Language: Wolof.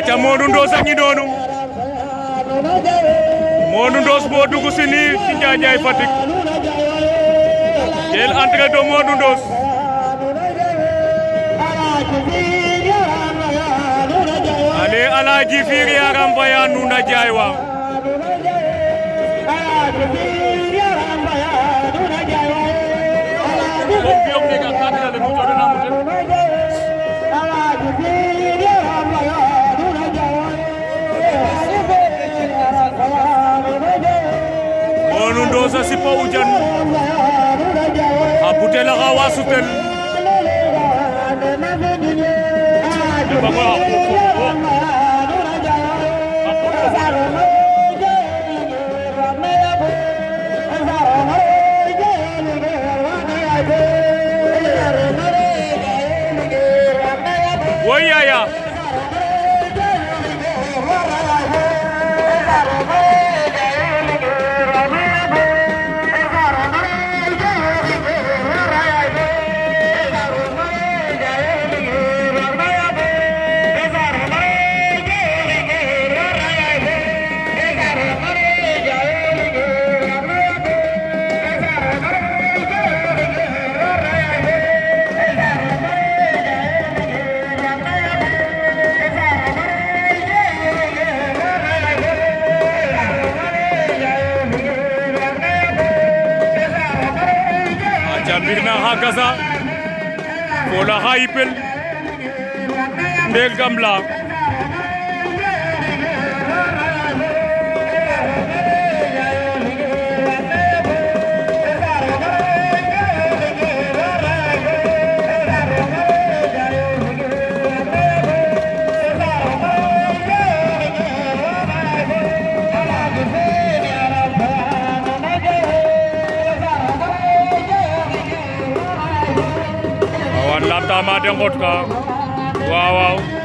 aca Modou Ndoss a ngi noonu Modou Ndoss boo dugg si nii ci Njaay Fatick jël entrée de Modou ale alaaji fiir yaaram baya nuuna jaay waaw Samba Wujan Abute la gawa suten Woyaya birnaxa gasa folaxa yipel nde gam la Ndam Ndama de Ngotka waaw waaw